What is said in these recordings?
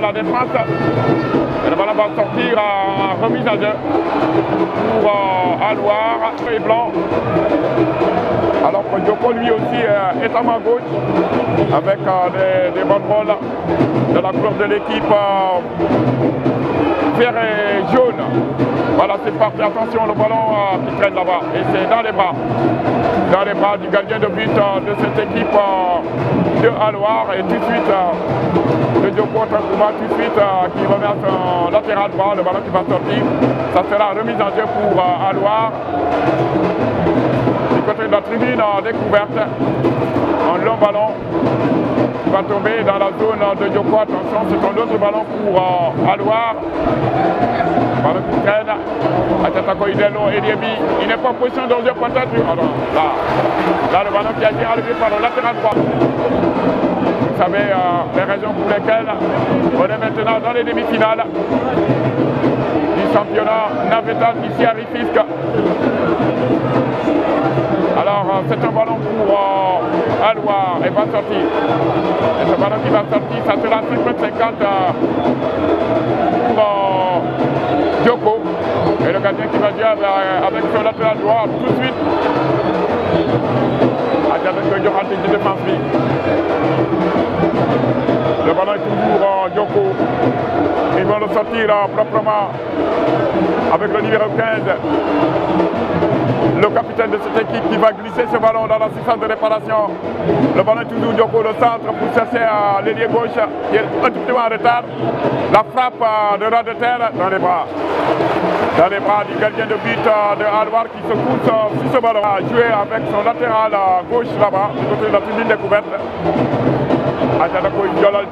la défense. Et le ballon va sortir à remise à deux pour euh, à et Blanc. Alors que Joko lui aussi euh, est à ma gauche avec euh, des, des, de la couleur de l'équipe euh, vert et jaune. Voilà c'est parti, attention le ballon qui traîne là-bas et c'est dans les bras, dans les bras du gardien de but de cette équipe de Alloir et tout de suite de euh, Diopo Tankuma tout de suite euh, qui remet son latéral droit, le ballon qui va sortir. Ça sera remise en jeu pour à euh, Du côté de la tribune découverte, un long ballon qui va tomber dans la zone de Diopo, Attention, c'est un autre ballon pour le Ballon qui traîne. Atatako Idelo et Diebi. Il n'est pas position dans le peut Alors là, là, le ballon qui a été enlevé par le latéral droit vous savez euh, les raisons pour lesquelles on est maintenant dans les demi-finales du championnat navetant ici à Rifisque. Alors euh, c'est un ballon pour euh, et va sortir. Et ce ballon qui va sortir, ça sera triple 50 euh, pour Djoko. Et le gardien qui va dire avec, avec son latéral droit tout de suite le ballon est toujours Yoko. ils vont le sortir proprement avec le numéro 15 le capitaine de cette équipe qui va glisser ce ballon dans la de réparation le ballon est toujours Joko le centre pour chercher euh, l'ailier gauche qui est un petit peu en retard la frappe euh, de ras de terre dans les bras dans les bras du gardien de but euh, de Alvar qui se pousse sur ce ballon. à joué avec son latéral euh, gauche là-bas, du côté de la tribune découverte. Ajanako Yolal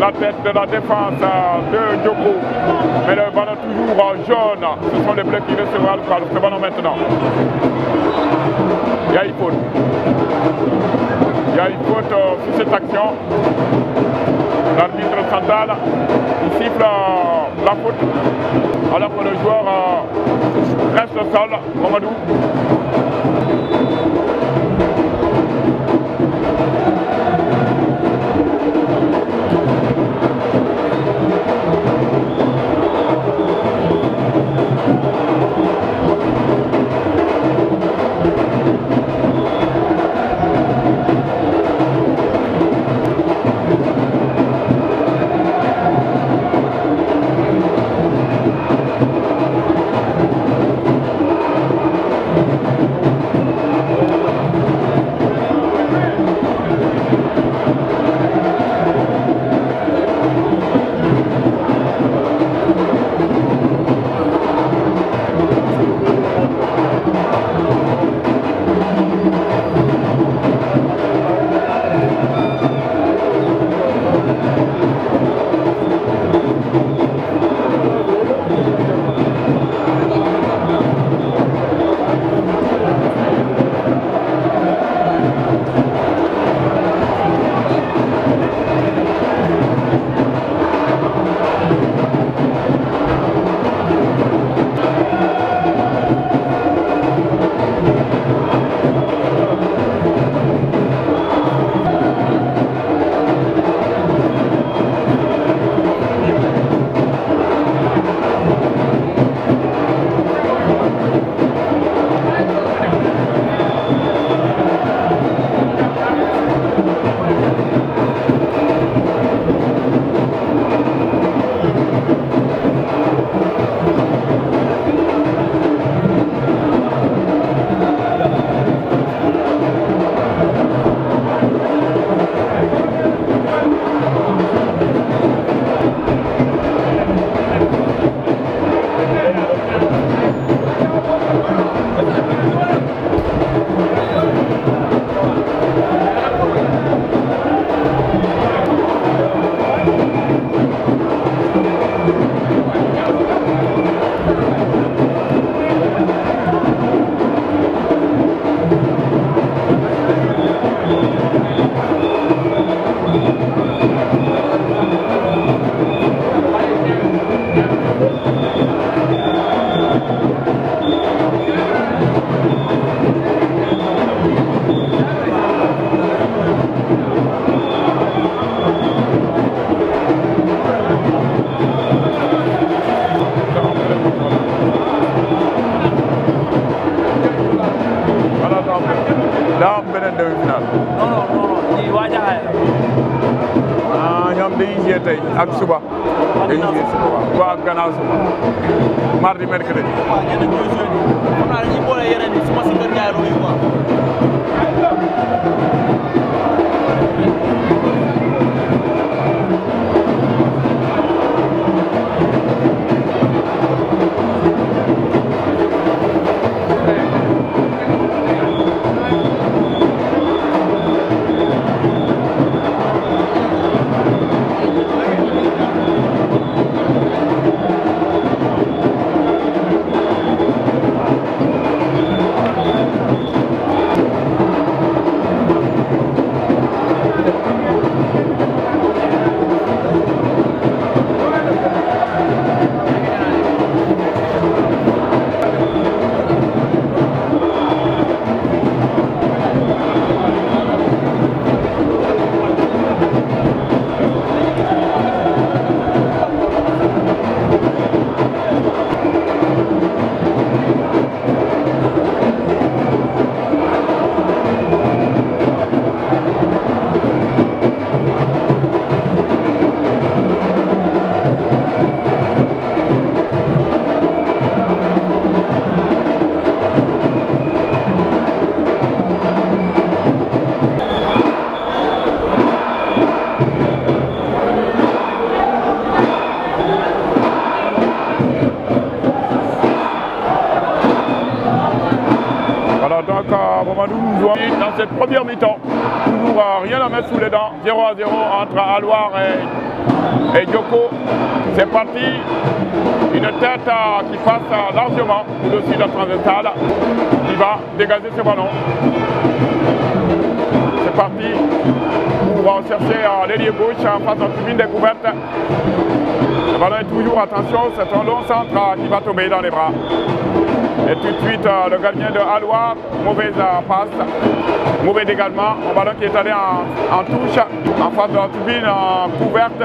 la tête de la défense euh, de Djoko. Mais le ballon toujours jaune. Ce sont les bleus qui recevront le ballon maintenant. Il y a une faute. Il y a une faute sur cette action l'arbitre central, il siffle euh, la faute alors que le joueur euh, reste seul, Mamadou. première mi-temps. Toujours euh, rien à mettre sous les dents. 0 à 0 entre Aloir et, et C'est parti. Une tête euh, qui passe euh, largement au-dessus de la transversale. Qui va dégager ce ballon. C'est parti. On va chercher à l'ailier gauche en face de tribune découverte. Le ballon toujours, attention, c'est un long centre qui va tomber dans les bras. Et tout de suite, le gardien de Alois, mauvaise passe. Mouvet également, un ballon qui est allé en, en touche, en face de la tribune en couverte.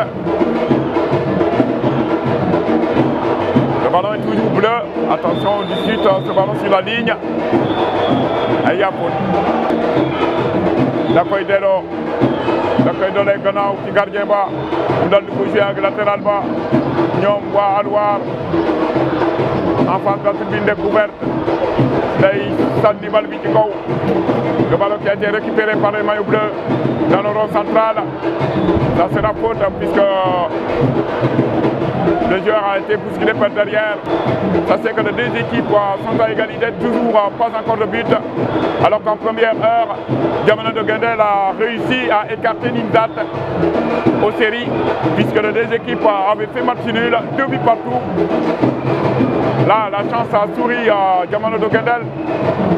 Le ballon est toujours bleu. Attention, on discute euh, ce ballon sur la ligne. Et il y a L'accueil d'Ero. L'accueil de l'Egana, qui gardien bas. On donne le bouger avec latéral bas. Nyom, Bois, En face de la tribune découverte le ballon qui a été récupéré par les maillots bleus dans le rond central ça sera faute hein, puisque le joueur a été bousculé par derrière ça c'est que les deux équipes hein, sont à égalité toujours hein, pas encore de but alors qu'en première heure Diamano de Gendel a réussi à écarter Nindat aux séries puisque les deux équipes avaient fait match nul deux buts partout Là, la chance a souri à Diamano Dogendel.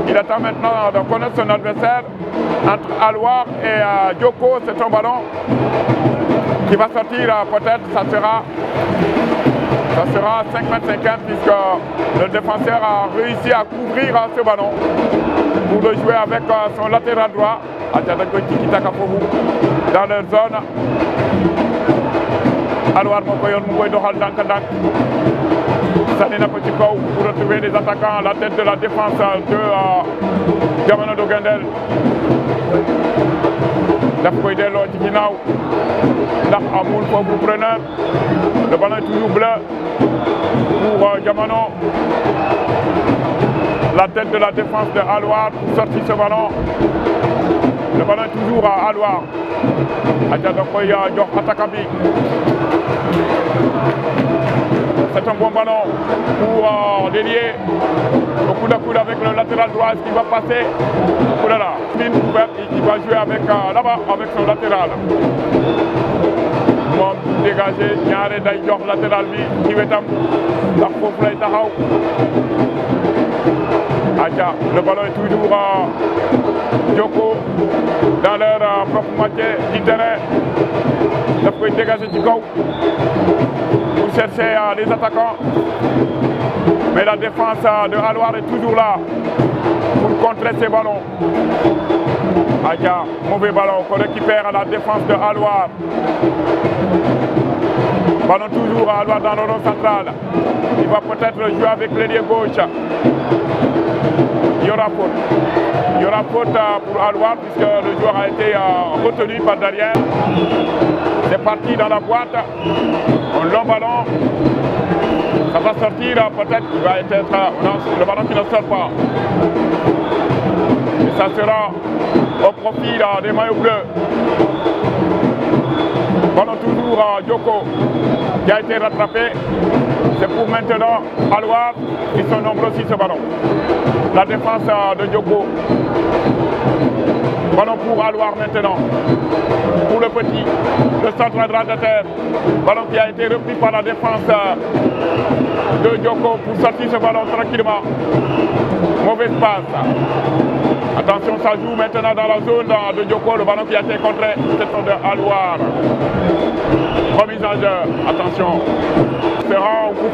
Il attend maintenant de connaître son adversaire. Entre Alouar et à euh, c'est un ballon qui va sortir euh, peut-être, ça sera, ça sera 5 mètres 50 puisque le défenseur a réussi à couvrir euh, ce ballon pour le jouer avec son latéral droit dans la zone Alwar moo ko yoon mu koy doxal ndànk-ndànk sànni ko ci kaw pour retrouver les attaquants la tête de la défense de Gamano, euh, do Gendel daf koy delloo ci ginnaaw ndax amul foofu preneur le ballon est toujours bleu pour euh, Jamono la tête de la défense de Alwar pour sortir ce ballon le ballon est toujours à Alwar aja da koy euh, jox attaquant bi c'est un bon ballon pour délier. Le coup d'un coup avec le latéral droit qui va passer. Oh là là, qui va jouer avec euh, là-bas avec son latéral. Bon, dégagé ñaare day jox latéral lui qui va être un lay le ballon est toujours à Djoko dans leur propre moitié du terrain. Ça peut dégager du go pour chercher euh, les attaquants. Mais la défense euh, de Alouar est toujours là pour contrer ces ballons. Aja, mauvais ballon qu'on récupère à la défense de Alouar. Ballon toujours à dans le rond central. Il va peut-être jouer avec l'ailier gauche. Il y aura faute. Il y aura faute euh, pour Alouard puisque le joueur a été euh, retenu par derrière. C'est parti dans la boîte. Un long ballon. Ça va sortir euh, peut-être. Il le ballon qui ne sort pas. Et ça sera au profit des maillots bleus. Ballon toujours à qui a été rattrapé. C'est pour maintenant, à qui sont nombreux aussi, ce ballon. La défense euh, de Diogo. Ballon pour Aloir maintenant. Pour le petit, le centre droit de terre. Ballon qui a été repris par la défense euh, de Diogo pour sortir ce ballon tranquillement. Mauvaise passe. Attention, ça joue maintenant dans la zone euh, de Diogo. Le ballon qui a été contré, c'est de Aloir. Remise Attention sera un coup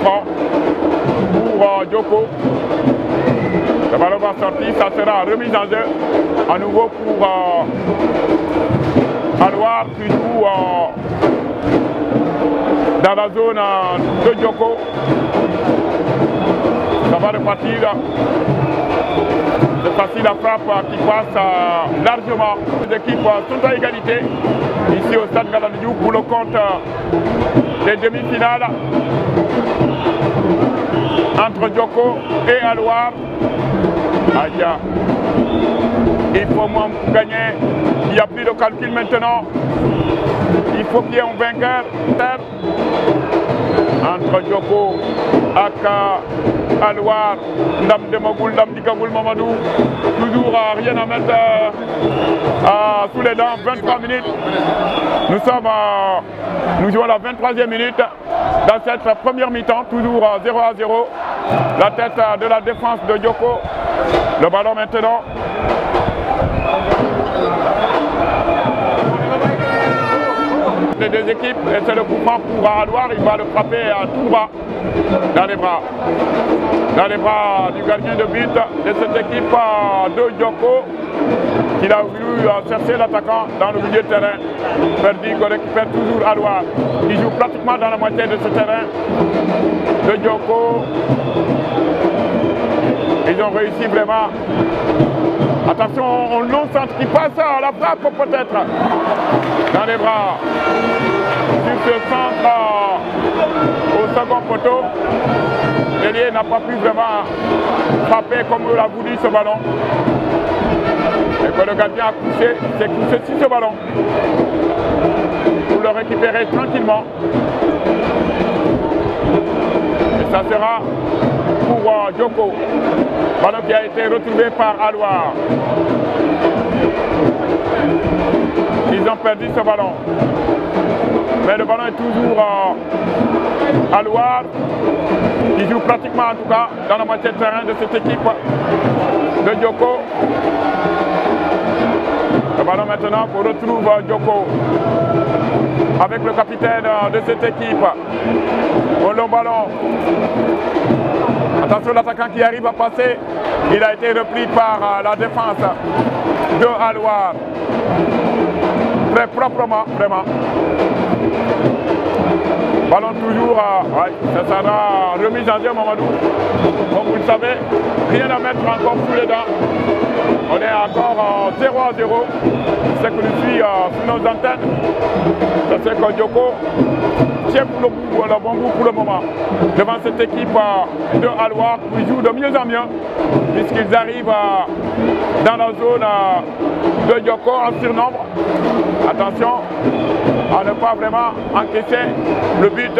pour Djoko. Le ballon va sortir, ça sera remis en jeu à nouveau pour euh, Anouar, puis pour euh, dans la zone euh, de Djoko. Ça va repartir. C'est facile la frappe qui passe largement. Les équipes sont à égalité ici au stade du pour le compte euh, des demi-finales entre Djoko et Alouar. il faut moins gagner, il n'y a plus de calcul maintenant. Il faut qu'il y ait un vainqueur entre Djoko, Aka à Ndam Demogoul, Ndam Mamadou. Toujours rien à mettre euh, à, sous les dents, 23 minutes. Nous sommes nous jouons la 23e minute dans cette première mi-temps, toujours 0 à 0. La tête de la défense de Yoko. Le ballon maintenant des équipes. Et c'est le mouvement pour Alouard, Il va le frapper à tout bas dans les bras. Dans les bras du gardien de but de cette équipe euh, de Djoko qui a voulu euh, chercher l'attaquant dans le milieu de terrain. Perdi récupère toujours Alouard. Il joue pratiquement dans la moitié de ce terrain. De Djoko. Ils ont réussi vraiment Attention, on non-centre qui ça, à la frappe peut-être. Dans les bras. se centre euh, au second poteau. L'ailier n'a pas pu vraiment frapper comme l'a voulu ce ballon. Et que le gardien a poussé, s'est poussé sur ce ballon. Pour le récupérer tranquillement. Et ça sera pour euh, Djoko. Ballon qui a été retrouvé par Alouar. Ils ont perdu ce ballon. Mais le ballon est toujours euh, à Loire. Il joue pratiquement en tout cas dans la moitié de terrain de cette équipe de Djoko. Le ballon maintenant qu'on retrouve euh, Djoko avec le capitaine euh, de cette équipe. Au long ballon Attention, l'attaquant qui arrive à passer. Il a été repris par euh, la défense de Alouar. Très proprement, vraiment. Ballon toujours, euh, ouais, ça sera remis en jeu Mamadou. Comme vous le savez, rien à mettre encore sous les dents. On est encore euh, 0 à 0. C'est que je suis euh, sous nos antennes. c'est que Djoko on le, bon goût pour le moment. Devant cette équipe de Alois qui joue de mieux en mieux, puisqu'ils arrivent dans la zone de Yoko en surnombre. Attention à ne pas vraiment encaisser le but.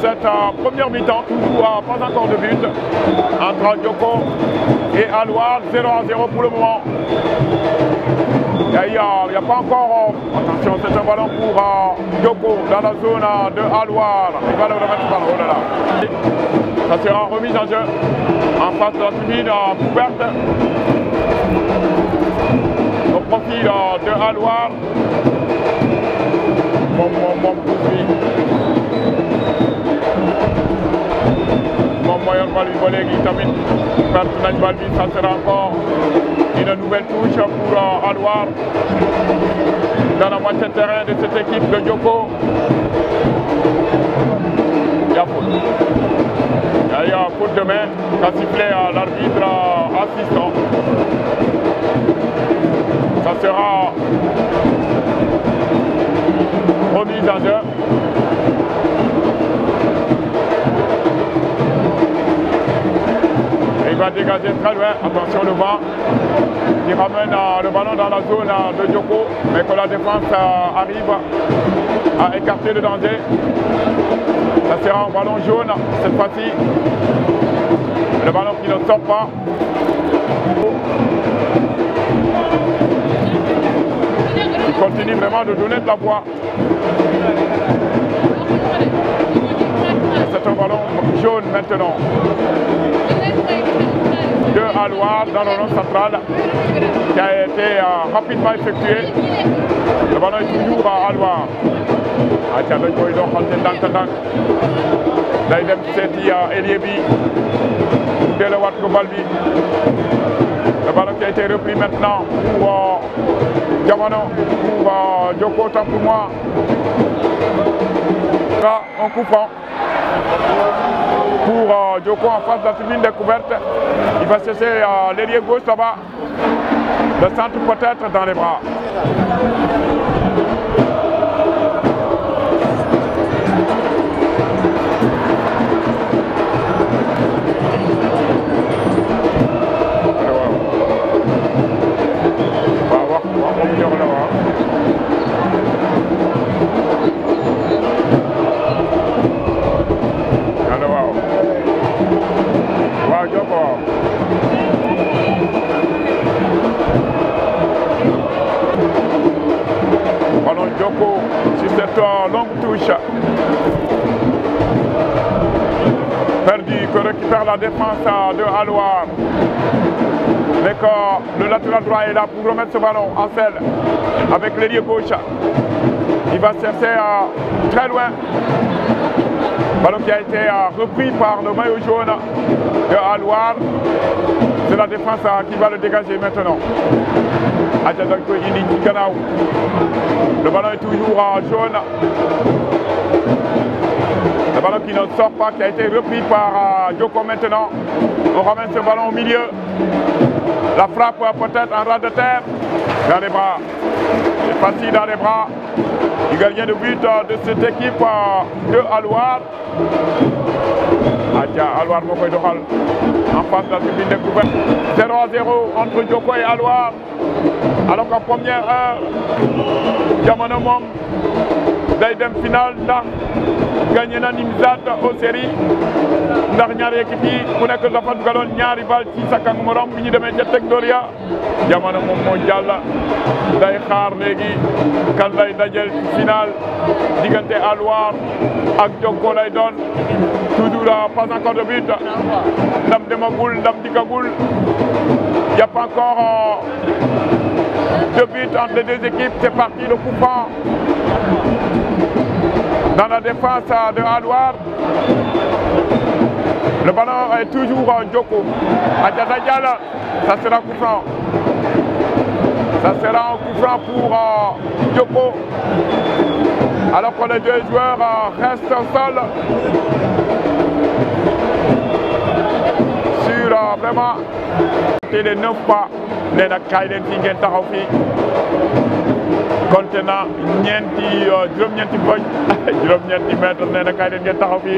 cette première mi-temps, toujours pas encore de but entre Yoko et Alouard, 0 à 0 pour le moment. Il n'y a, pas encore, oh, attention c'est un ballon pour euh, Yoko dans la zone euh, de Alouard, il va le remettre par là. Ça sera remise en jeu en face de la tribune euh, couverte au profil de Alouard. Bon, bon, bon, Moyen moo yor bal bi ba il tamit ça sera encore une nouvelle touche pour euh, Alwar dans la moitié de terrain de cette équipe de Djoko il y a faute de main sifflé l'arbitre euh, assistant ça sera remise en va dégager très loin. Attention le vent qui ramène euh, le ballon dans la zone euh, de Djoko, mais que la défense euh, arrive à écarter le danger. Ça sera un ballon jaune cette fois-ci. Le ballon qui ne sort pas. Il continue vraiment de donner de la voix. C'est un ballon jaune maintenant de Alois dans le rond central qui a été euh, rapidement effectué. Le ballon est toujours à Alois. Adjabel Koïdo, Khalte Dantanak. Daidem Seti à euh, Eliebi. Delawat Kobalbi. Le ballon qui a été repris maintenant pour euh, Diamano, pour Djoko, tant pour moi. Là, on coupe. Hein pour Djoko euh, en face de la tribune découverte. Il va cesser euh, l'ailier gauche là-bas. Le centre peut-être dans les bras. sur cette longue touche. Perdu que récupère la défense de Alouar. Mais le latéral droit est là pour remettre ce ballon en selle avec l'ailier gauche. Il va chercher euh, très loin. Ballon qui a été euh, repris par le maillot jaune de Alouar. C'est la défense euh, qui va le dégager maintenant. Le ballon est toujours en jaune. Le ballon qui ne sort pas, qui a été repris par euh, Djoko maintenant. On ramène ce ballon au milieu. La frappe peut-être en ras de terre. Dans les bras. C'est facile dans les bras du gardien de but euh, de cette équipe euh, de Alouar. Adja Alouar Mokoy Doral en face de la tribune découverte. 0 à 0 entre Djoko et Alouard alors que heure jamono moom day dem final ndax gagné na Nimzat au série ndax ñaari équipe ku nekk dafa dugaloon ñaari bal ci sa kang morom bi ñu demee ca Tekdoria jamono moom moo jàll day xaar léegi kan lay dajel final diggante Alwar ak Jokko lay doon toujours pas encore de but ndam demagul ndam dikkagul Il n'y a pas encore deux de but entre les deux équipes. C'est parti, le coup franc. Dans la défense euh, de Alouard. Le ballon est toujours en Djoko. Adjadadjal, ça sera coup franc. Ça sera un coup franc pour Djoko. Euh, Alors que les deux joueurs euh, restent seuls. vraiment té de neuf pas nee na kaay leen fii ngeen taxaw fi compté ñenti ñeenti ñenti euh, ñeenti poñ ñenti ñeenti né nee na kaay ngeen taxaw fi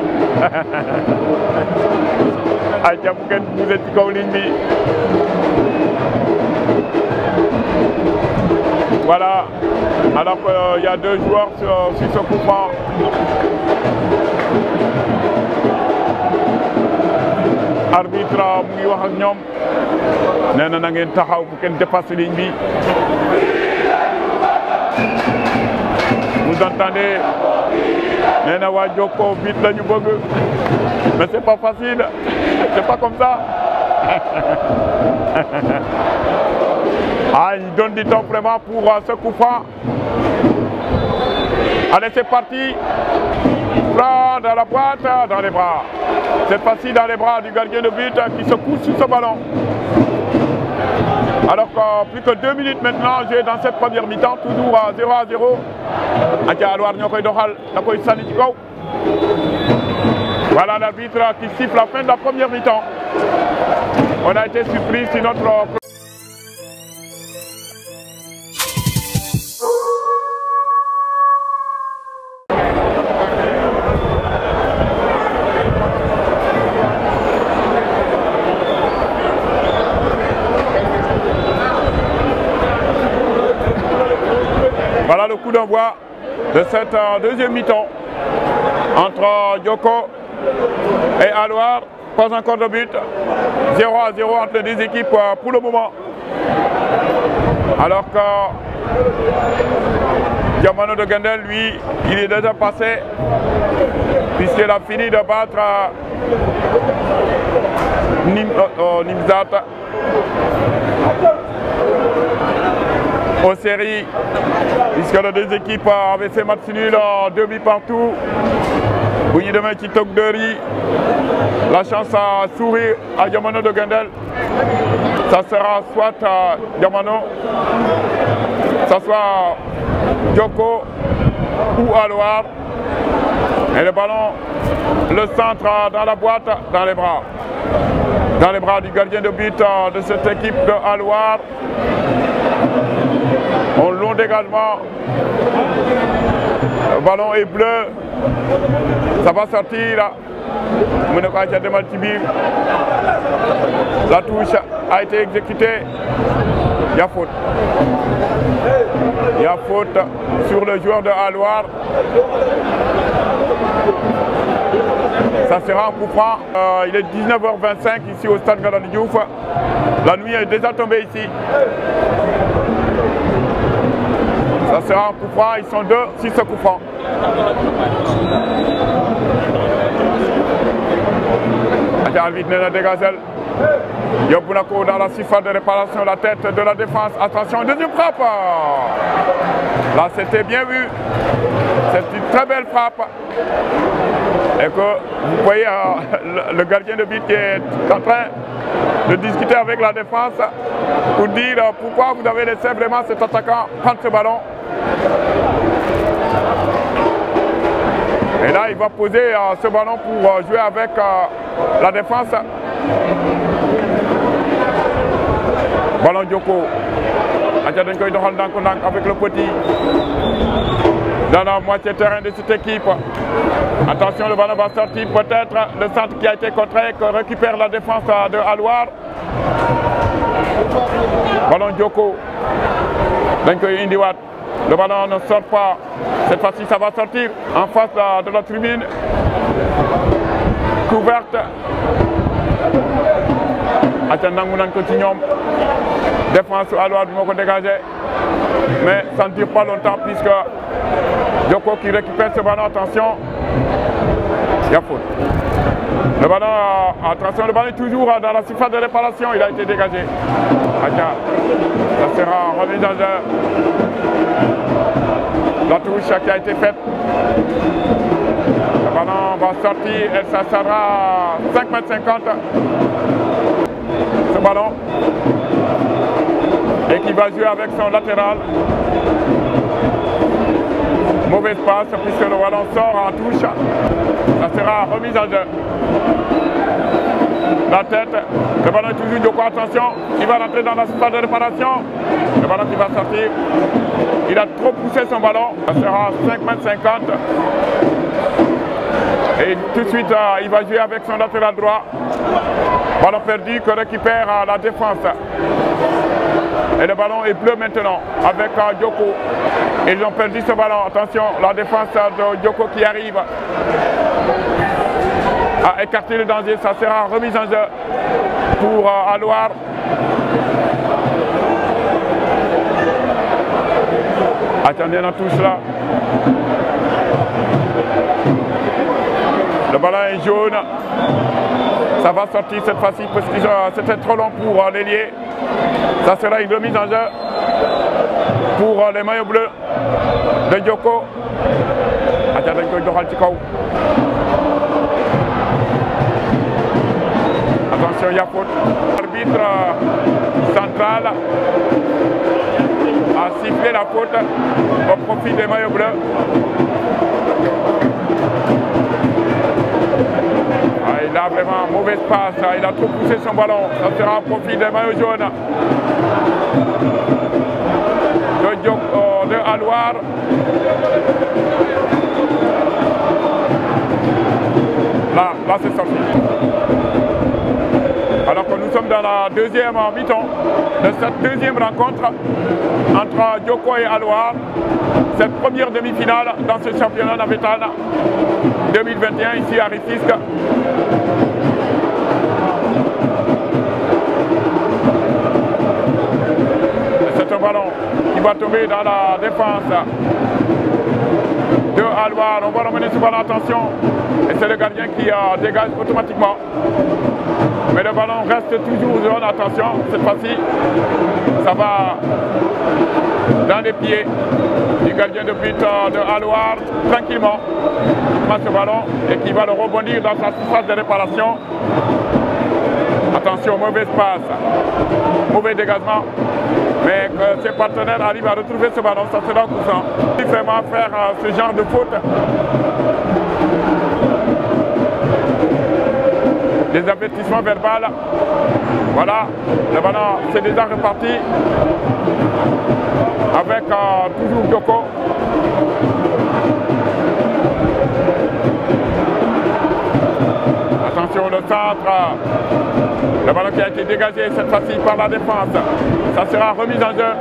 ay jàpp ngeen bougé ci kaw ligne bi voilà alors euh, il y a deux joueurs sur ce coup franc arbitre mu ngi wax ak ñom néna na ngeen taxaw bu ken dépassé ligne bi vous entendez nee na wa Jokko vite lañu bëgg mais c'est pas facile c'est pas comme ça ah il donne du temps vraiment pour euh, ce coup franc Allez, c'est parti. Là, dans la boîte, euh, dans les bras. Cette fois dans les bras du gardien de but euh, qui se couche sur ce ballon. Alors que euh, plus que deux minutes maintenant, j'ai dans cette première mi-temps, toujours à 0 à 0. Voilà la l'arbitre qui siffle la fin de la première mi-temps. On a été surpris si notre... coup d'envoi de cette euh, deuxième mi-temps entre Yoko et Aloir, Pas encore de but. 0 à 0 entre les deux équipes euh, pour le moment. Alors que Diamano de Gendel, lui, il est déjà passé puisqu'il a fini de battre euh, Nimzat aux séries, puisque les deux équipes avaient fait match nul en demi partout. de demain qui toque de riz. La chance a sourire à Yamano de Gendel, Ça sera soit à Yamano, ça soit Yoko ou à Et le ballon, le centre dans la boîte, dans les bras. Dans les bras du gardien de but euh, de cette équipe de Alouar également Le Ballon est bleu. Ça va sortir là. La touche a été exécutée. Il y a faute. Il y a faute sur le joueur de Alouard. Ça sera un coup franc. Euh, il est 19h25 ici au stade Galadiouf. La nuit est déjà tombée ici. Ça sera un coup ils sont deux, six coups francs. Arbitre Nena Degazelle. Yobunako dans la siffle de réparation, la tête de la défense. Attention, deuxième frappe. Là, c'était bien vu. C'est une très belle frappe. Et que vous voyez euh, le, le, gardien de but qui est en train de discuter avec la défense pour dire euh, pourquoi vous avez laissé vraiment cet attaquant prendre ce ballon. Et là, il va poser euh, ce ballon pour euh, jouer avec euh, la défense. Ballon Djoko. Avec le petit. Dans la moitié terrain de cette équipe. Attention, le ballon va sortir peut-être. Le centre qui a été contré, que récupère la défense de Alouar. Ballon Djoko. Djoko Indiwat. Le ballon ne sort pas. Cette fois-ci, ça va sortir en face de la tribune. Couverte. Attendant nous continuons. Défense à l'ouest du dégagé. Mais ça ne dure pas longtemps puisque Djoko qui récupère ce ballon. Attention. Il y a faute. Le ballon, attention, le ballon est toujours dans la surface de réparation. Il a été dégagé. Attends. Ça sera un la touche qui a été faite. Le ballon va sortir et ça sera 5 m. Ce ballon. Et qui va jouer avec son latéral. Mauvaise passe puisque le ballon sort en touche. Ça sera remise à deux. La tête, le ballon est toujours de quoi attention, il va rentrer dans la salle de réparation. Le ballon qui va sortir. Il a trop poussé son ballon. Ça sera 5 mètres 50. Et tout de suite, euh, il va jouer avec son latéral droit. Ballon perdu que récupère euh, la défense. Et le ballon est bleu maintenant avec euh, Yoko et Ils ont perdu ce ballon. Attention, la défense de Djoko qui arrive à ah, écarter le danger. Ça sera remise en jeu pour uh, Attendez dans tout là. Le ballon est jaune. Ça va sortir cette fois-ci parce que c'était trop long pour euh, l'ailier. Ça sera une remise en jeu pour euh, les maillots bleus de Djoko. Attendez, Attention, il y a faute. Arbitre euh, central a sifflé la faute au profit des maillots bleus. Ah, il a vraiment un mauvais passe, ah, il a trop poussé son ballon, ça sera au profit des maillots jaunes. Euh, de, de Là, là c'est sorti. Nous sommes dans la deuxième mi-temps de cette deuxième rencontre entre Djoko et Alouar. Cette première demi-finale dans ce championnat navetal 2021 ici à Rifisque. C'est un ballon qui va tomber dans la défense de Alouard. On va ramener ce l'attention attention. Et c'est le gardien qui euh, dégage automatiquement. Mais le ballon reste toujours Attention, cette fois-ci, ça va dans les pieds du gardien de but euh, de Alouard, tranquillement. Il ce ballon et qui va le rebondir dans sa surface de réparation. Attention, mauvais passe, mauvais dégagement. Mais que ses partenaires arrivent à retrouver ce ballon, ça sera ça. Il vraiment faire euh, ce genre de faute des avertissements verbales, Voilà, le ballon c'est déjà reparti avec euh, toujours Yoko. Attention le centre, le ballon qui a été dégagé cette fois-ci par la défense, ça sera remis en jeu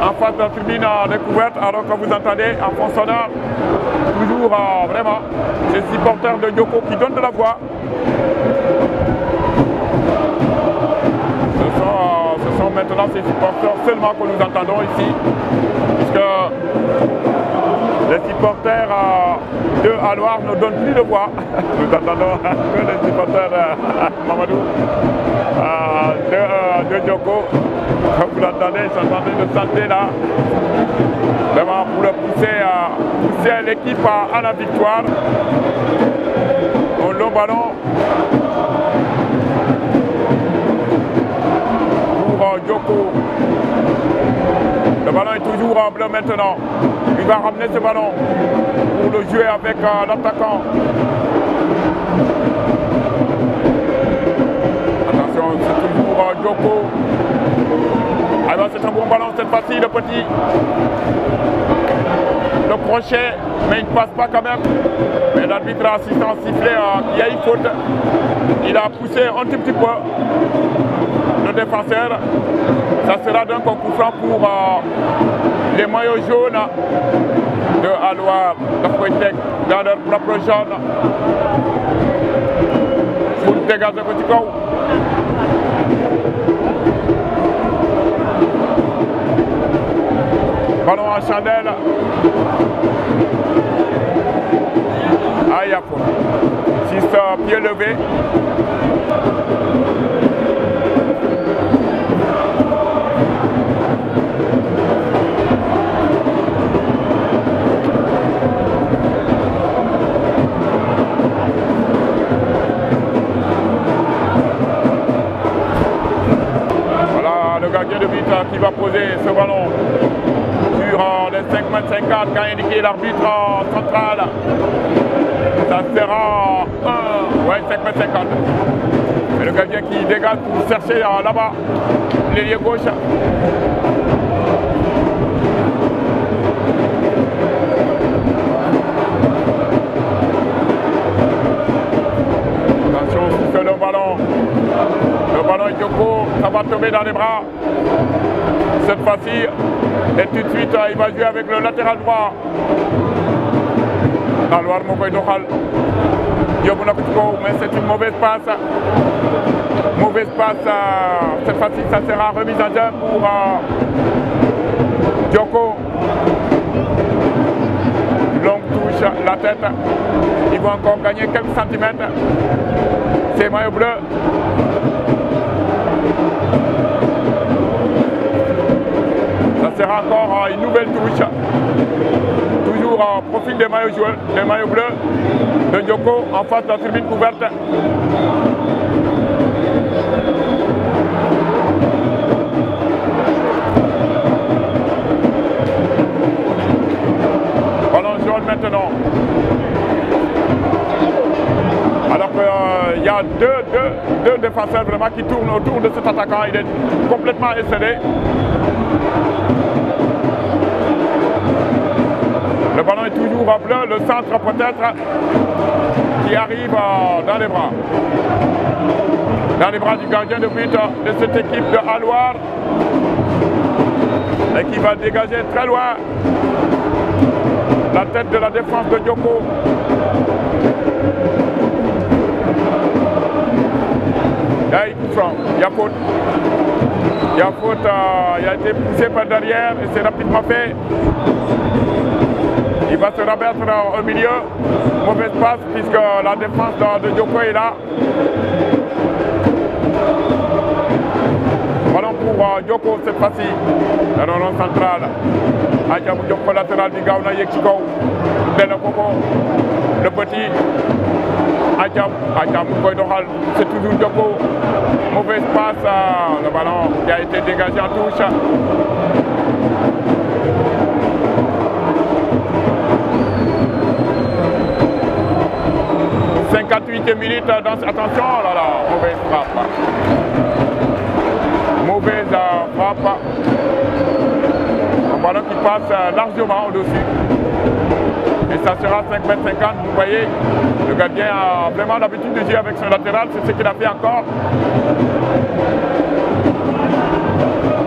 en face la tribune à découverte, alors que vous entendez en fond toujours euh, vraiment ces supporters de Yoko qui donnent de la voix. Euh, ce sont, maintenant ces supporters seulement que nous entendons ici, puisque les supporters euh, de Haloir ne donnent plus de voix. Nous entendons que les supporters Mamadou, de, de Djoko comme Vous l'entendez, j'entendais de santé là. Vraiment pour le pousser, à, pousser l'équipe à, la victoire. Au long ballon. Pour Djoko. Euh, le ballon est toujours en bleu maintenant. Il va ramener ce ballon pour le jouer avec euh, l'attaquant. Attention, c'est toujours pour euh, alors c'est un bon ballon cette fois le petit. Le crochet, mais il ne passe pas quand même. Mais l'arbitre a assistant sifflé euh, il y faute. Il a poussé un petit, petit peu le défenseur. Ça sera donc un coup franc pour euh, les maillots jaunes de Aloir, de dans leur propre jaune. Pour dégager petit Ballon à chandelle. quoi 6 pied levé. Voilà le gardien de but euh, qui va poser ce ballon 5 m 50 a indiqué l'arbitre central. Ça sera 1, ouais, 5 m 50. Et le gardien qui dégage pour chercher là-bas l'ailier gauche. Attention, c'est Le ballon Le ballon est au court, ça va tomber dans les bras. Cette fois-ci, et tout de suite, euh, il va jouer avec le latéral droit. Nohal Diogo Dohal. mais c'est une mauvaise passe. Mauvaise passe. Euh, cette fois-ci, ça sera remise à jeu pour Dioko. Euh, Djoko. Longue touche, la tête. Ils vont encore gagner quelques centimètres. C'est maillot bleu. sera encore euh, une nouvelle touche. Toujours en euh, profil des maillots, des maillots bleus de Djoko en face de la tribune couverte. allons jaune maintenant. Alors qu'il euh, y a deux, deux, deux défenseurs vraiment qui tournent autour de cet attaquant. Il est complètement esselé. Le ballon est toujours en plein. le centre peut-être qui arrive euh, dans les bras. Dans les bras du gardien de but de cette équipe de Haloir. Et qui va dégager très loin la tête de la défense de Yoko. Il y euh, il a été poussé par derrière et c'est rapidement fait. Il va se rabattre euh, au milieu. Mauvaise passe puisque la défense de, Yoko est là. Ballon pour Yoko euh, cette fois-ci. ronde central. Adjamou Yoko, latéral du Gauna Yekiko. Koko. Le petit. Adjam. Adjam Koydohal. C'est toujours Yoko. Mauvais passe, ah, le ballon qui a été dégagé en touche. 58 minutes dans attention oh là là mauvaise frappe mauvaise euh, frappe Le ballon qui passe euh, largement au dessus et ça sera 5 m vous voyez le gardien a vraiment l'habitude avec son latéral, c'est ce qu'il a fait encore.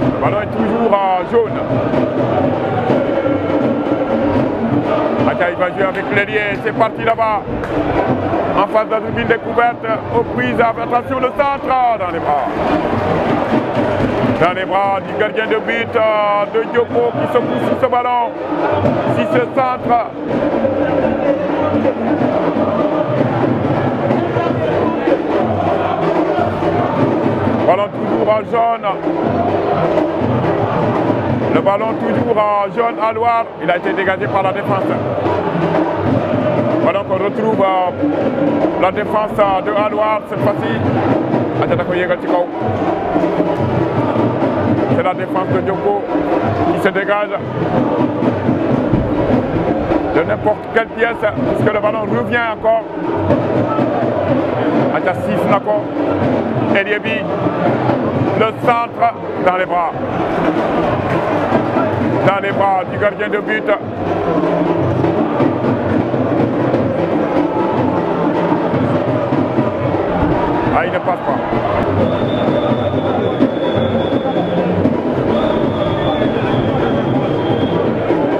Le ballon est toujours en jaune. il va jouer avec l'ailier, c'est parti là-bas. En face de la découverte, aux prises, attention le centre dans les bras. Dans les bras du gardien de but euh, de Diopo qui se pousse sur ce ballon. Si ce centre en jaune. Le ballon toujours en jaune à Loire. Il a été dégagé par la défense. Voilà qu'on retrouve euh, la défense euh, de Loire cette fois-ci. C'est la défense de Djoko qui se dégage de n'importe quelle pièce puisque le ballon revient encore. Nako, Eliebi, le centre dans les bras. Dans les bras du gardien de but. Ah, il ne passe pas.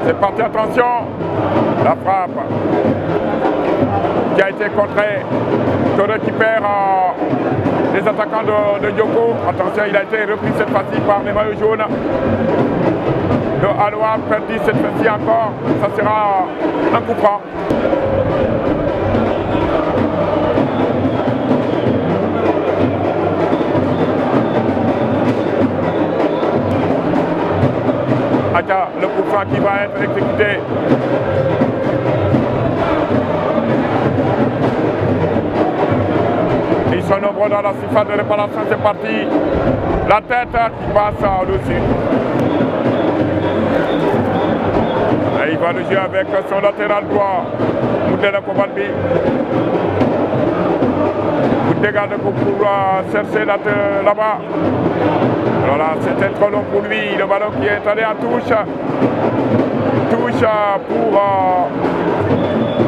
C'est parti, attention. La frappe qui a été contrée. Toro qui perd les attaquants de, Yoko, Attention, il a été repris cette fois-ci par les maillots jaunes. Le Aloha perdit cette fois-ci encore. Ça sera un coup franc. le coup franc qui va être exécuté Ils sont nombreux dans la surface de réparation, c'est parti. La tête qui passe au-dessus. Et il va le jouer avec son latéral droit. Moudela Kobalbi. garde pour chercher là-bas. Alors là, c'était trop long pour lui. Le ballon qui est allé à touche. Touche pour... Euh,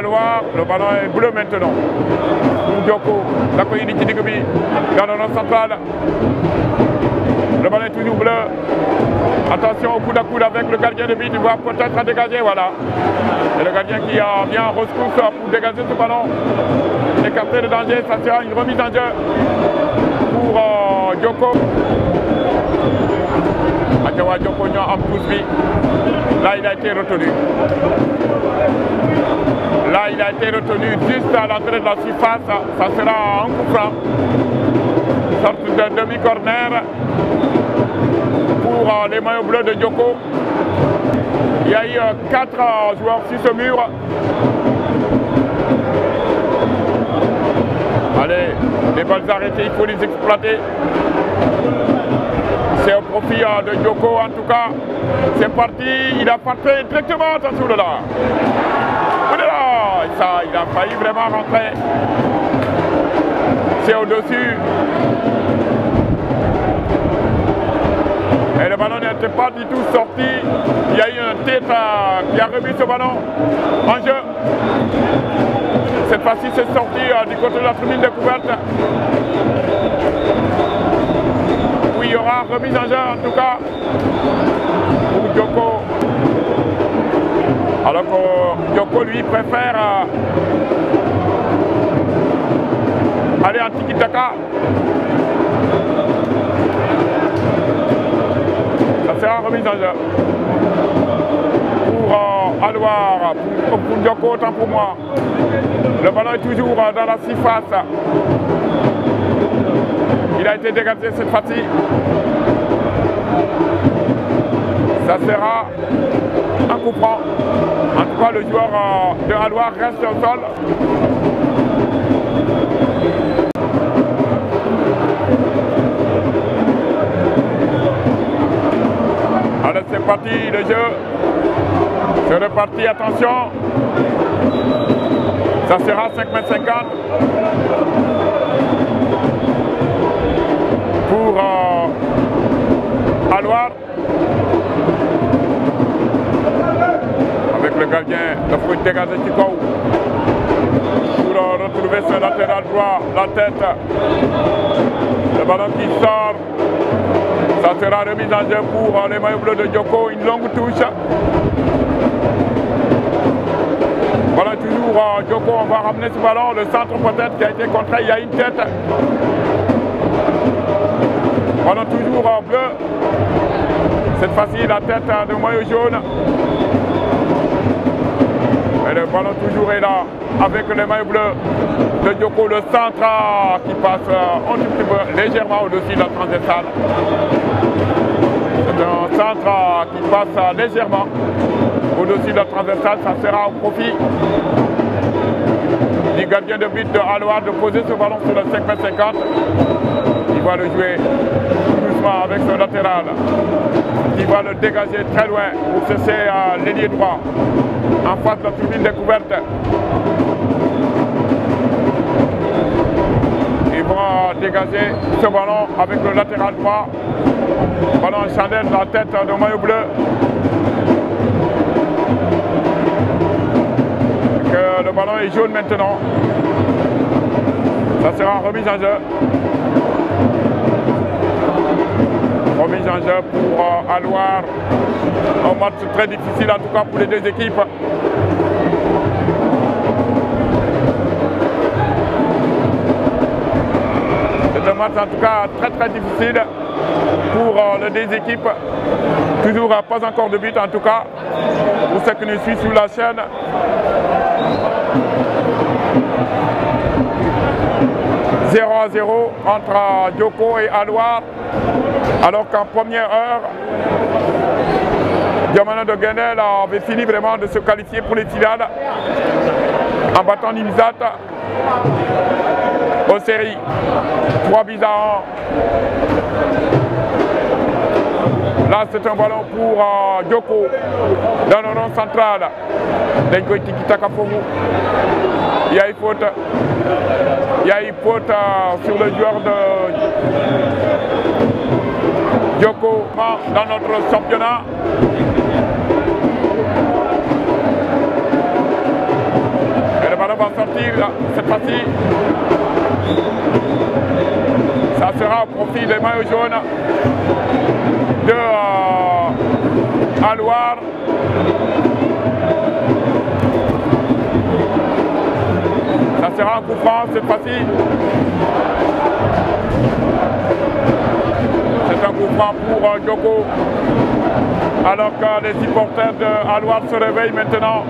Loire, le ballon est bleu maintenant. Ndioko, la Koyini Tidigubi, dans central. Le ballon est toujours bleu. Attention au coup d'un coup avec le gardien de but, il va peut-être dégager, voilà. Et le gardien qui a bien en rescousse pour dégager ce ballon, écarter le danger, ça sera une remise en jeu pour Dioko Djoko. Adjawa Djoko Nyan Là, il a été retenu. Là, il a été retenu juste à l'entrée de la surface. Ça, sera un coup franc. Une sorte de demi-corner pour euh, les maillots bleus de Djoko. Il y a eu euh, quatre euh, joueurs sur ce mur. Allez, les balles arrêtées, il faut les exploiter. C'est au profit de Djoko en tout cas. C'est parti, il a parti directement à là ça, il a failli vraiment rentrer. C'est au-dessus. Et le ballon n'était pas du tout sorti. Il y a eu un tête qui a remis ce ballon en jeu. Cette fois-ci, c'est sorti euh, du côté de la tribune découverte. Où il y aura remise en jeu, en tout cas, alors que Yoko lui préfère euh, aller à Tikitaka. Ça sera remis Pour euh, pour, pour autant pour moi. Le ballon est toujours dans la six faces. Il a été dégagé cette fois Ça sera en tout cas, le joueur euh, de Alouard reste au sol. Allez, c'est parti, le jeu. C'est reparti, attention. Ça sera 5 mètres 50 pour euh, le gardien de Fruit pour retrouver ce latéral droit la tête le ballon qui sort ça sera remis en jeu pour les maillots bleus de Djoko une longue touche voilà toujours Djoko euh, on va ramener ce ballon le centre peut-être qui a été contré il y a une tête voilà toujours bleu cette fois-ci la tête de maillot jaune le ballon toujours est là avec les mailles bleues de Djoko, le centre qui passe euh, légèrement au-dessus de la transversale. Un centre qui passe euh, légèrement au-dessus de la transversale, ça sera au profit du gardien de but de Alois de poser ce ballon sur le 5 50 Il va le jouer doucement avec son latéral. Il va le dégager très loin pour cesser euh, l'ailier droit en face de la tribune découverte. Ils vont dégager ce ballon avec le latéral droit. Ballon en dans la tête de maillot bleu. Que le ballon est jaune maintenant. Ça sera remise en jeu. Remise en jeu pour euh, Alouar. Un match très difficile en tout cas pour les deux équipes. C'est un match en tout cas très très difficile pour euh, les deux équipes. Toujours euh, pas encore de but en tout cas pour ceux qui nous suivent sur la chaîne. « 0 à 0 entre euh, Dioko et Alois Alors qu'en première heure, Yamana de Guenel avait fini vraiment de se qualifier pour les tirades en battant Nimzat aux séries. 3 bis à 1. Là, c'est un ballon pour euh, dans le rond central. Il y a une faute. Euh, sur le joueur de Djoko dans notre championnat. va sortir cette fois-ci. Ça sera au profit des maillots jaunes de euh, Ça sera un coup franc cette fois-ci. C'est un coup franc pour euh, Alors que les supporters de Aloir se réveillent maintenant.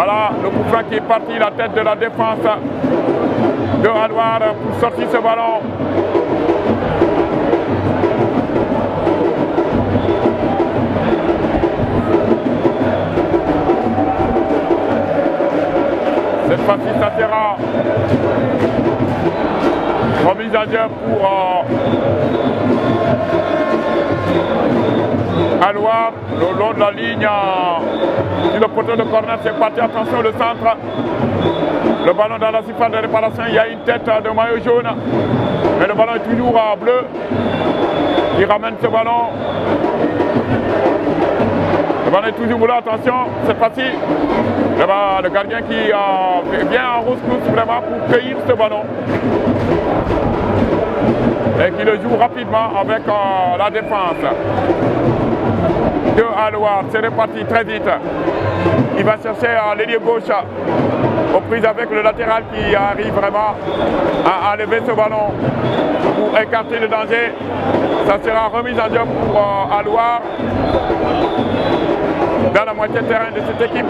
Voilà le coup qui est parti, la tête de la défense de Anouar pour sortir ce ballon. Cette partie ci sera pour euh, le long de la ligne le euh, poteau de corner, c'est parti, attention le centre. Le ballon dans la surface de réparation, il y a une tête euh, de maillot jaune, mais le ballon est toujours euh, bleu. Il ramène ce ballon. Le ballon est toujours bleu, attention, c'est fois Le, gardien qui vient en rose vraiment pour cueillir ce ballon et qui le joue rapidement avec la défense à C'est reparti très vite. Il va chercher à euh, l'ailier gauche aux prises avec le latéral qui arrive vraiment à lever ce ballon pour écarter le danger. Ça sera remise en jeu pour euh, à Alouard dans la moitié terrain de cette équipe.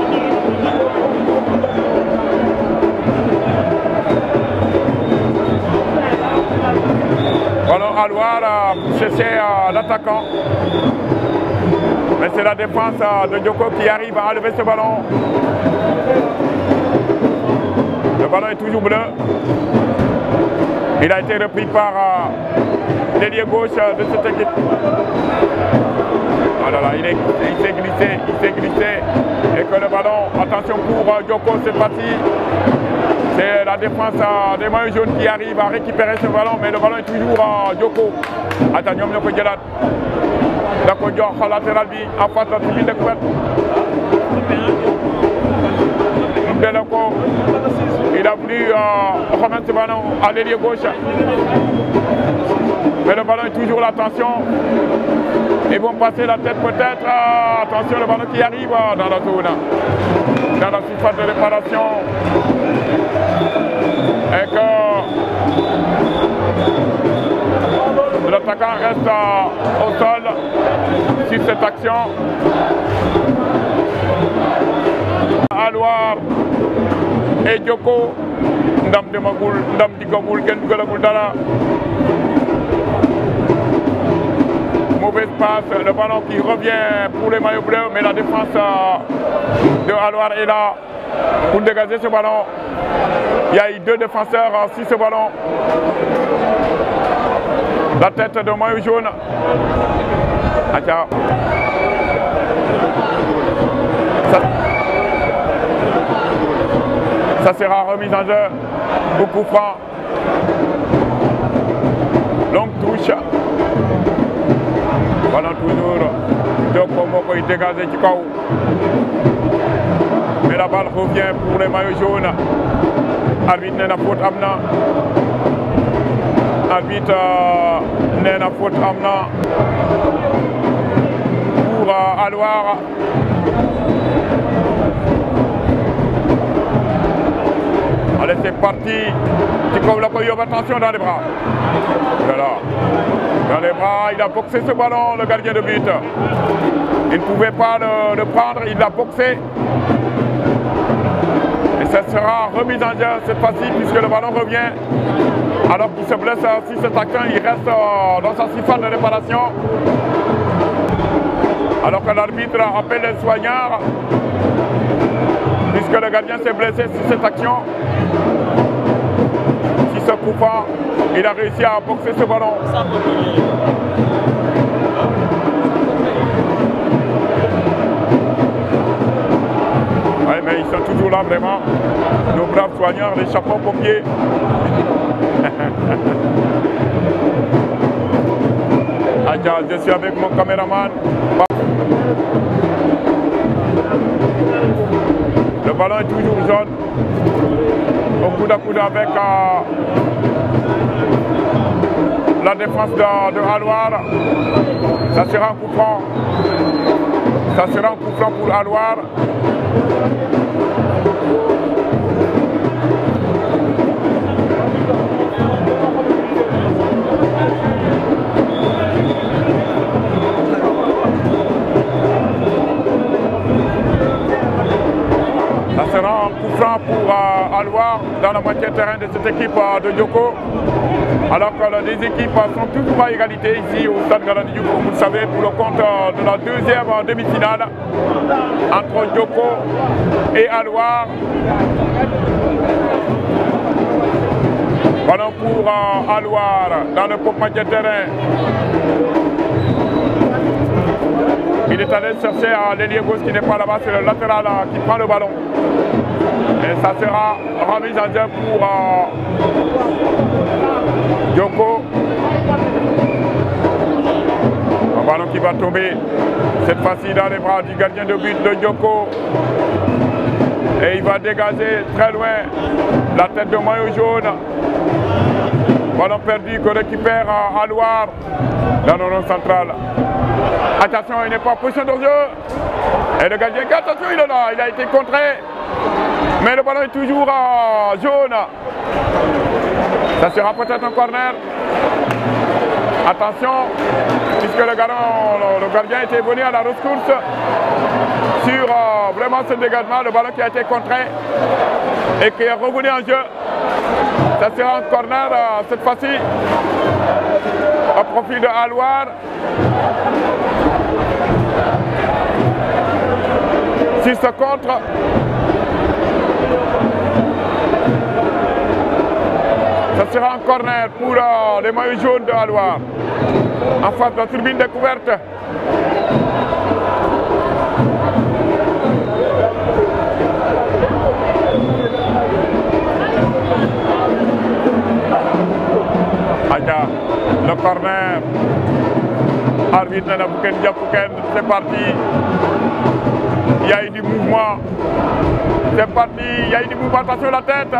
alors à Loire, cherché euh, chercher l'attaquant. Mais c'est la défense hein, de Djoko qui arrive à enlever ce ballon. Le ballon est toujours bleu. Il a été repris par euh, l'ailier gauche euh, de cette équipe. Oh il s'est glissé, il s'est glissé. Et que le ballon, attention pour Djoko euh, c'est parti. C'est la défense des maillots jaunes qui arrive à récupérer ce ballon, mais le ballon est toujours à Djoko. Attention, Djoko Djelat da ko jox latéral bi en face bi ko il a voulu remettre euh, ballon à l'ailier gauche mais le ballon est toujours l'attention. ils vont passer la tête peut-être euh, attention le ballon qui arrive euh, dans la zone dans la surface de réparation et l'attaquant reste au sol sur cette action. Alouar et Djoko, Ndam de là. Mauvaise passe, le ballon qui revient pour les maillots bleus, mais la défense euh, de Aloir est là pour dégager ce ballon. Il y a eu deux défenseurs hein, sur ce ballon. La tête de maillot jaune. Ah, Ça, sera remis en jeu. Beaucoup franc. Longue touche. Pendant toujours. pour moi il dégagés du chaos. Mais la balle revient pour les maillots jaunes. Arbitre la faute amenant. Invite Nena na pour Alloire. allez c'est parti il comme la attention dans les bras voilà dans les bras il a boxé ce ballon le gardien de but il ne pouvait pas le, prendre il l'a boxé et ça sera remis en jeu cette fois-ci puisque le ballon revient alors qu'il se blesse, si cet attaquant il reste euh, dans sa siphon de réparation, alors que l'arbitre appelle les soignants. puisque le gardien s'est blessé sur cette action, si ce coup pas, il a réussi à boxer ce ballon. mais ils sont toujours là vraiment, nos braves soignants, les chapeaux pompiers. je suis avec mon caméraman. Le ballon est toujours jaune. Au bout à coup avec euh, la défense de, de Ça sera un coup Ça sera un coup pour Alouar. pour euh, dans la moitié terrain de cette équipe euh, de Djoko. Alors que les équipes sont toujours à égalité ici au stade la comme vous le savez, pour le compte euh, de la deuxième euh, demi-finale entre Djoko et Alouard. voilà pour Alouard dans le moitié terrain. Il est allé chercher à l'ailier qui n'est pas là-bas, c'est le latéral qui prend le ballon. Et ça sera remis en jeu pour euh, Yoko. Un ballon qui va tomber cette fois-ci dans les bras du gardien de but de Yoko. Et il va dégager très loin la tête de maillot jaune. Ballon perdu qu'on récupère à euh, Loire dans le rond central. Attention, il n'est pas poussé dans de jeu. Et le gardien, attention, il est là, il a été contré. Mais le ballon est toujours en jaune. Ça sera peut-être un corner. Attention, puisque le, le gardien était venu à la ressource. sur euh, vraiment ce dégagement, le ballon qui a été contré et qui est revenu en jeu. Ça sera un corner euh, cette fois-ci au profit de Alouard. Si se contre, C'est un corner pour euh, les maillots jaunes de Loire, En face de la tribune découverte. Aïe, le corner. Arbitre dans la Diapouken, c'est parti. Il y a eu du mouvement. C'est parti, il y a eu du mouvement, sur la tête.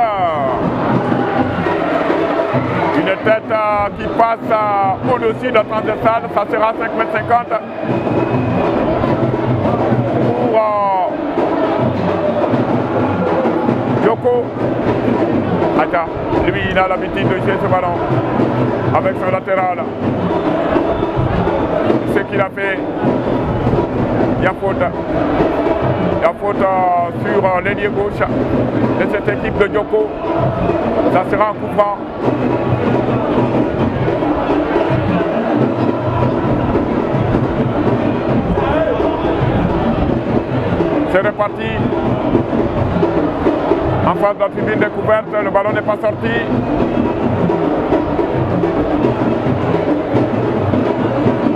Une tête euh, qui passe euh, au-dessus de la transversale, ça sera 5,50 m pour euh, Joko. lui, il a l'habitude de jouer ce ballon avec son latéral. Ce qu'il a fait il y a faute sur euh, l'ailier gauche de cette équipe de Djoko. Ça sera un coup C'est reparti. En face de la tribune découverte, le ballon n'est pas sorti.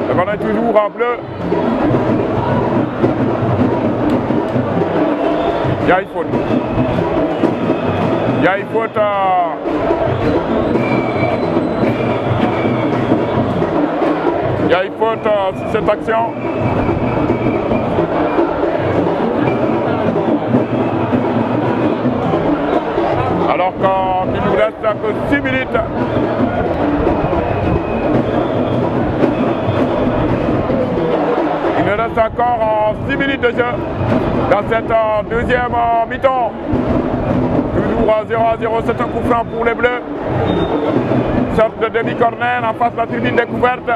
Le ballon est toujours en bleu. y a Jaay Fóot Jaay Fóot Jaay Fóot sur cette action alors qu'il nous reste que 6 minutes Il reste encore 6 minutes de jeu dans cette euh, deuxième euh, mi-temps. Toujours 0 à 0, c'est un coup franc pour les Bleus. Sorte de demi-corner en face de la tribune découverte.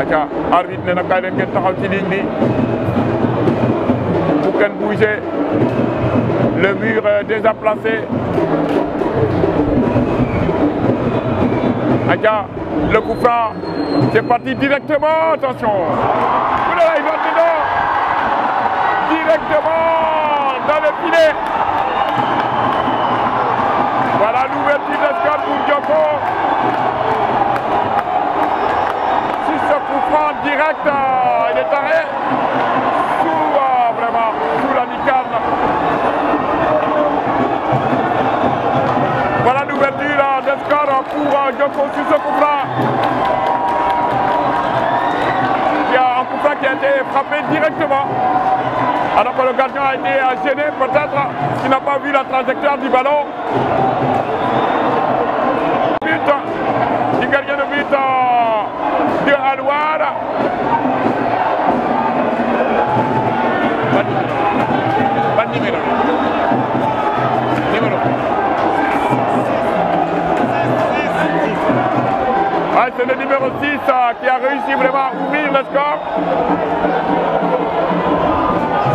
Aka, arbitre n'est na kaay leen ngeen ligne le mur déjà placé Aka, le coup franc c'est parti directement, attention. il va dedans. Directement dans le filet. Voilà l'ouverture d'escale pour Djoko. Si ce coup franc direct, euh, il est arrêté. Sous, euh, vraiment, sous la Voilà l'ouverture euh, d'escale pour Gioco sur ce coup franc qui a été frappé directement. Alors que le gardien a été gêné, peut-être qu'il n'a pas vu la trajectoire du ballon. But du gardien euh, de but de Pas de numéro. Numéro. c'est le numéro 6 euh, qui a réussi vraiment à ouvrir le score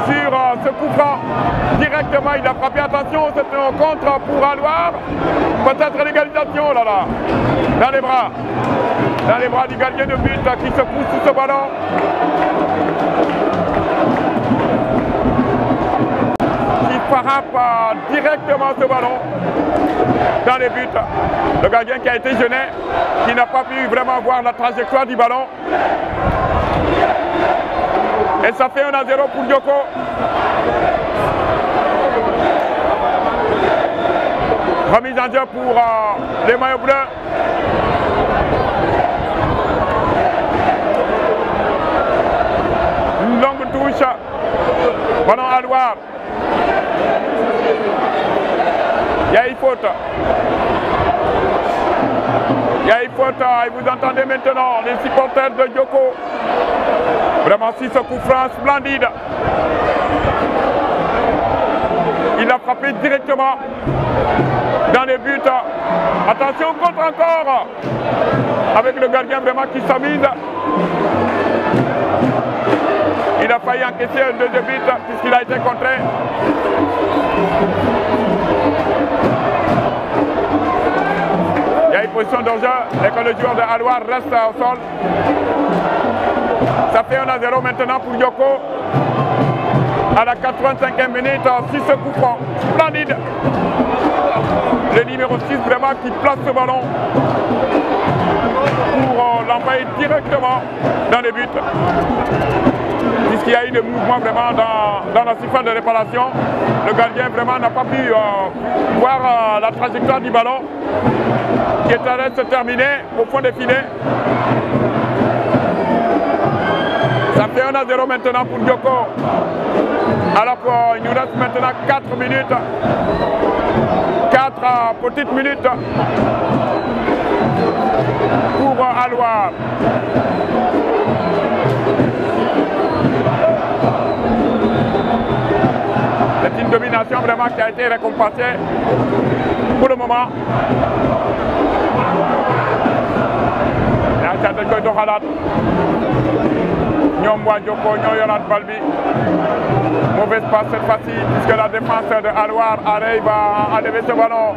sur euh, ce coup franc. Directement, il a frappé. Attention, cette rencontre pour avoir Peut-être l'égalisation là là. Dans les bras. Dans les bras du gardien de but euh, qui se pousse sous ce ballon. Qui frappe directement ce ballon dans les buts. Le gardien qui a été gêné, qui n'a pas pu vraiment voir la trajectoire du ballon. Et ça fait 1 à 0 pour Djoko. Remise en jeu pour euh, les maillots bleus. Une longue touche. Ballon à Loire une faute et vous entendez maintenant les supporters de Djoko. Vraiment, si coups coup splendide. Il a frappé directement dans les buts. Attention, contre encore avec le gardien vraiment qui s'amuse. Il a failli encaisser un deuxième but puisqu'il a été contré. Position d'enjeu et que le joueur de Alouard reste au sol. Ça fait 1 à 0 maintenant pour Yoko. À la 85e minute, 6 ce coup splendide. Le numéro 6 vraiment qui place ce ballon pour euh, l'envoyer directement dans les buts, Puisqu'il y a eu des mouvements vraiment dans, la surface de réparation, le gardien vraiment n'a pas pu euh, voir euh, la trajectoire du ballon qui est en train de au fond de filets. Ça fait 1 à 0 maintenant pour Djoko. Alors qu'il nous reste maintenant 4 minutes. 4 petites minutes pour Alois. C'est une domination vraiment qui a été récompensée pour le moment. C'est un koy doxalaat ñoom waa Jokko ñoo yoraat bal bi mauvaise passe cette fois puisque la défense de Alwar arrive va enlever ce ballon.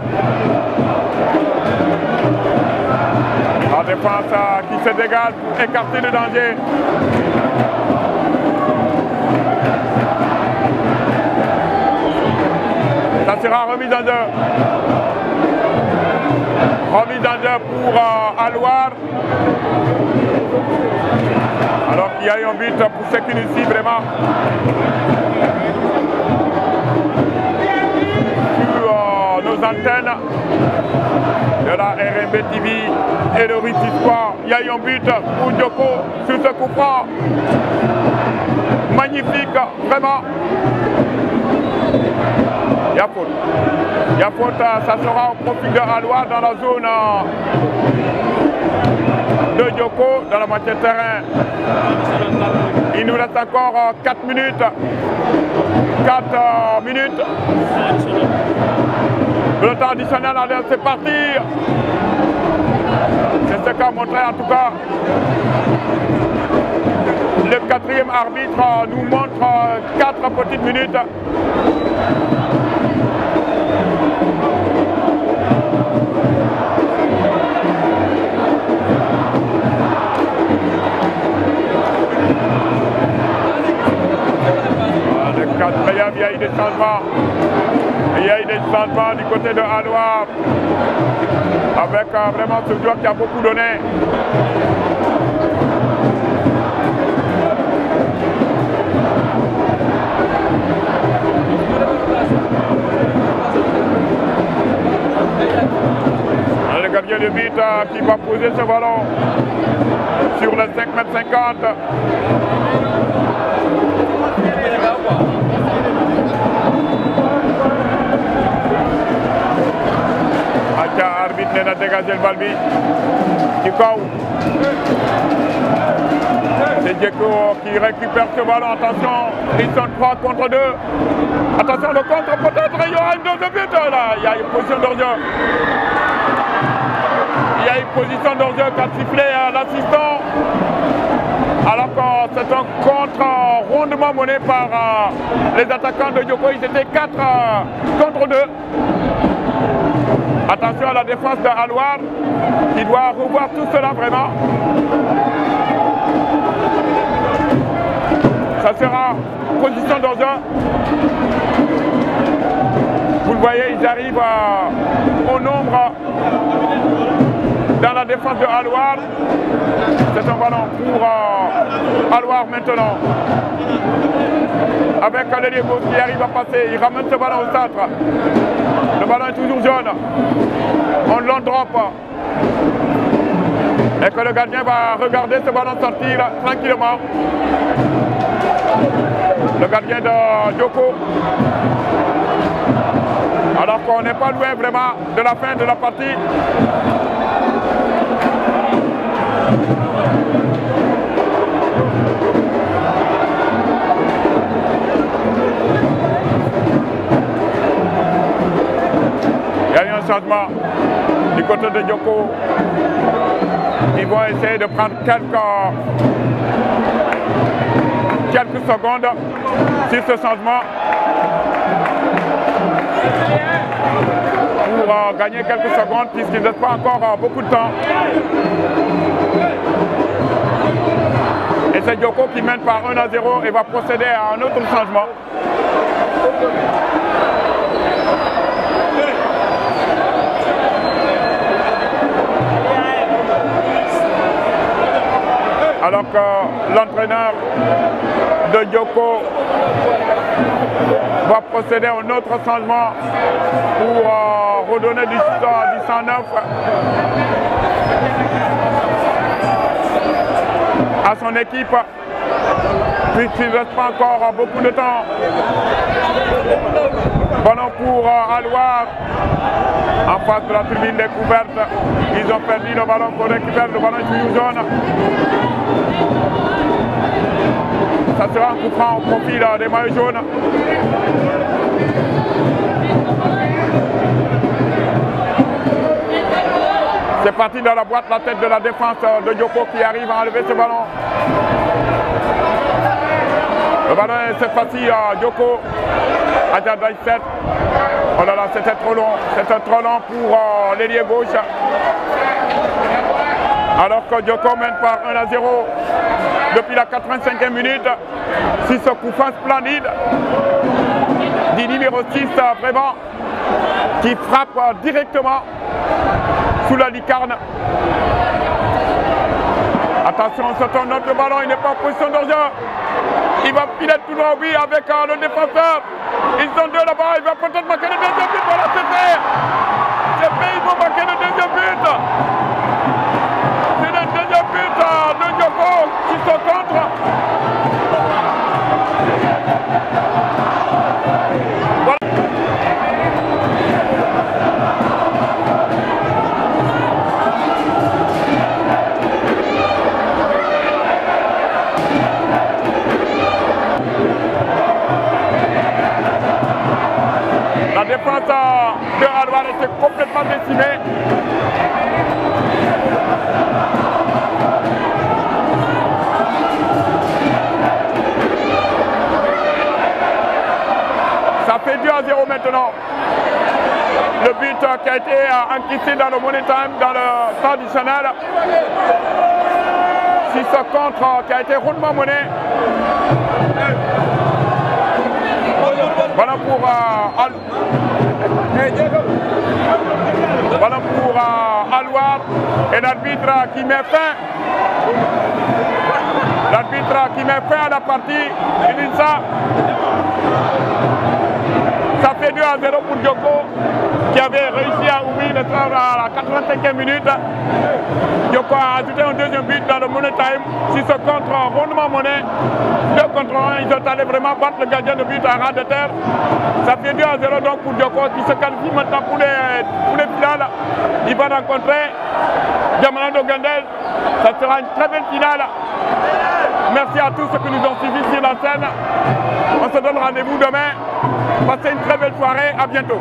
La défense euh, qui se dégage pour écarter le danger. Ça sera remis en deux. Remis en deux pour euh, alors qu'il y a eu un but pour ceux qui nous suivent vraiment. Sur euh, nos antennes de la RMB TV et de Rich il y a eu un but pour Djoko sur ce coup franc. Magnifique, vraiment. Il y a faute. Il y a faute, euh, ça sera au profit de Alois dans la zone. Euh de Yoko dans la moitié de terrain. Il nous reste encore 4 euh, minutes. 4 euh, minutes. Le temps additionnel, c'est parti. C'est ce qu'a montré en tout cas. Le quatrième arbitre euh, nous montre 4 petites minutes. il y a eu des changements. Il y a eu des changements du côté de Hanoi Avec euh, vraiment ce joueur qui a beaucoup donné. Le gardien de but euh, qui va poser ce ballon sur le 5 m 50. arbitre na dégagé le balbi. c'est Djeko qui récupère ce ballon attention ils sont trois contre deux attention le contre peut-être il y aura une de but il y a une position d'orgueil. il y a une position d'orgueil qui a sifflé sifflé euh, l'assistant alors que c'est un contre rondement mené par euh, les attaquants de Djoko. ils étaient quatre euh, contre deux Attention à la défense de il qui doit revoir tout cela vraiment. Ça sera position dans un. Vous le voyez, ils arrivent euh, au nombre dans la défense de Alouar. C'est un ballon pour euh, maintenant avec un qui arrive à passer, il ramène ce ballon au centre. Le ballon est toujours jaune. On l'endrope Et que le gardien va regarder ce ballon sortir tranquillement. Le gardien de Yoko. Alors qu'on n'est pas loin vraiment de la fin de la partie. Il y a eu un changement du côté de Djoko. Ils vont essayer de prendre quelques, quelques secondes sur ce changement pour euh, gagner quelques secondes puisqu'il ne pas encore euh, beaucoup de temps. Et c'est Djoko qui mène par 1 à 0 et va procéder à un autre changement. alors que l'entraîneur de Yoko va procéder à un autre changement pour euh, redonner du sang à 109 à son équipe puisqu'il ne reste pas encore beaucoup de temps. Ballon pour euh, en face de la tribune découverte. Ils ont perdu le ballon pour récupérer le ballon jaune coup franc au des maillots jaunes. C'est parti dans la boîte, la tête de la défense euh, de Dioko qui arrive à enlever ce ballon. Le ballon est cette fois-ci à Yoko à 7. Oh là là, c'était trop long, c'était trop long pour euh, l'ailier gauche. Alors que Dioko mène par 1 à 0 depuis la 85e minute. Si ce coup fin splendide du numéro 6, vraiment, qui frappe directement sous la licarne. Attention, on se tourne notre ballon, il n'est pas en position d'enjeu. Il va filer tout droit, oui, avec euh, le défenseur. Ils sont deux là-bas, il va peut-être marquer le deuxième but, pour la but de Diogo qui se contre. ici dans le money time, dans le traditionnel. Si ce contre qui a été roulement mené. Voilà pour euh, Al... Voilà pour euh, et l'arbitre qui met fin. L'arbitre qui met fin à la partie. Il dit ça. Ça fait 2 à 0 pour Djoko qui avait réussi à ouvrir le score à la 85e minute. Yoko a ajouté un deuxième but dans le Money Time. Si ce contre rondement monnaie, 2 contre 1, ils ont allé vraiment battre le gardien de but à ras de terre. Ça fait 2 à 0 donc pour Dioko. qui se qualifie maintenant pour les, finales. Il va rencontrer Diamando Gandel. Ça sera une très belle finale. Merci à tous ceux qui nous ont suivis sur la scène. On se donne rendez-vous demain. Passez une très belle soirée, à bientôt.